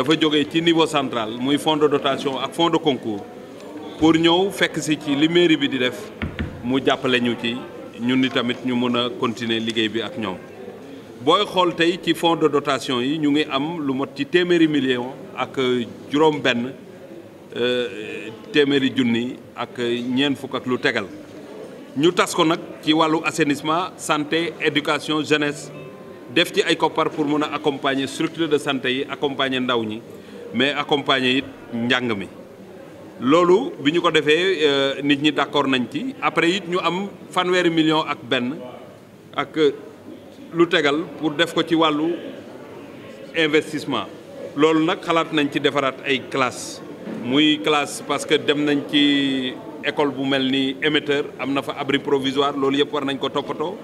dafa jógee ci niveau centrale muy fonds de dotation ak fonds de concours pour ñëw fekk si ci li bi di def mu jàppale ñu ci ñun ni tamit ñu mën a continuer liggéey bi ak ñoom booy xool tey ci fonds de dotation yi ñu ngi am lu mot ci téeméeri million ak juróom benn euh, téeméeri junni ak ñeen fukk ak lu tegal ñu tas ko nag ci wàllu assainissement santé éducation jeunesse def ci ay koppar pour mun a accompagner structure de santé yi accompagner ndaw ñi mais accompagner it njàng mi. loolu bi ñu ko defee euh, nit ñi d'accord nañ ci après it ñu am fanweeri million ak benn ak euh, lu tegal pour def ko ci wàllu investissement. loolu nag xalaat nañ ci defaraat ay classe muy classe parce que dem nañ ci école bu mel ni émetteur am na fa abri provisoire loolu yëpp war nañ ko toppatoo.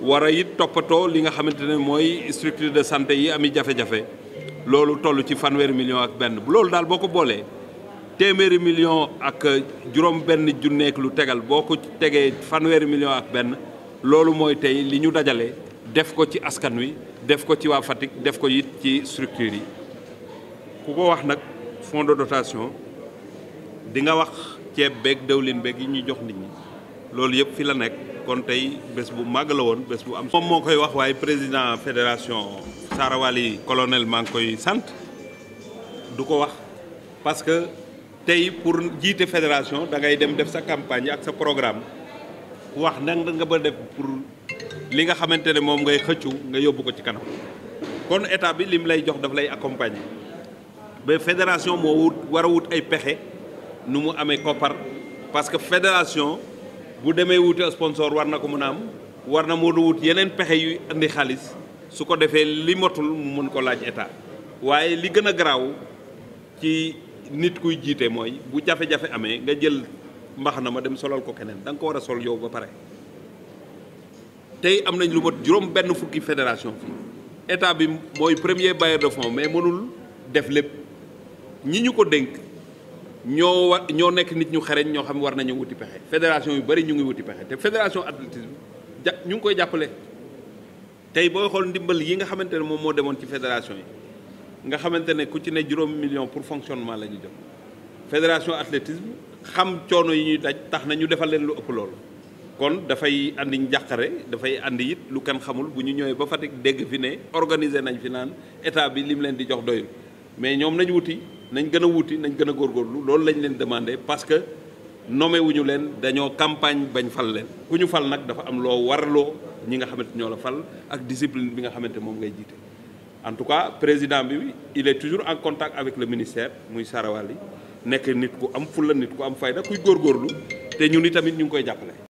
war a it toppatoo li nga xamante ne mooy structure de santé yi ami jafe-jafe loolu toll ci fanweeri million ak benn bu loolu daal boo ko boolee téeméeri million ak juróom benn junneek lu tegal boo ko tegee fanweeri million ak benn loolu mooy tey li ñu dajale def ko ci askan wi def ko ci waa Fatick def ko it ci structure yi ku ko wax nag fond de dotation di nga wax ceeb beeg dawlin beeg yi ñuy jox nit ñi loolu yëpp fi la nekk kon tey bés bu màgg la woon bés bu am. moom moo koy wax waaye président fédération Sarawali colonel maa ngi koy sant du ko wax parce que tey pour jiite fédération da ngay dem def sa campagne ak sa programme wax nan nga ba def pour li nga xamante ne moom ngay xëccu nga yóbbu ko ci kanam kon état bi lim lay jox daf lay accompagner ba fédération moo wut war a wut ay pexe nu mu amee koppar parce que fédération. bu demee wuti sponsor war na ko mën a am war na moo wut yeneen pexe yu indi xaalis su ko defee li motul mu mën ko laaj état waaye li gën a garaaw ci nit kuy jiite mooy bu jafe-jafe amee nga jël mbaxana ma dem solal ko keneen da nga ko war a sol yow ba pare. tey am nañ lu mat juróom benn fukki fédération fii état bi mooy premier bailleur de fonds mais mënul def lépp ñi ñu ko dénk. ñoo war ñoo nekk nit ñu xareñ ñoo xam war nañu wuti pexe fédération yu bëri ñu ngi wuti pexe te fédération athlétisme ja ñu ngi koy jàppale tey boo xool ndimbal yi nga xamante ne moom moo demoon ci fédération yi nga xamante ne ku ci ne juróomi million pour fonctionnement la ñu jox fédération athlétisme xam coono yi ñuy daj tax na ñu defal leen lu ëpp lool kon dafay andi njàqare dafay andi it lu kan xamul bu ñu ñëwee ba Fatick dégg fi ne organiser nañ fi naan état bi lim leen di jox doyul mais nañ gën a wuti nañ gën a góor góorgóorlu loolu lañu leen demandé parce que nommé wuñu leen dañoo campagne bañ fal leen ku ñu fal nag dafa am loo warloo ñi nga xamante ñoo la fal ak discipline bi nga xamante moom ngay jiite. en tout cas président bi il est toujours en contact avec le ministère muy Sarawali nekk nit ku am fulla nit ku am fayda kuy góorgóorlu te ñun itamit ñu ngi koy jàppale.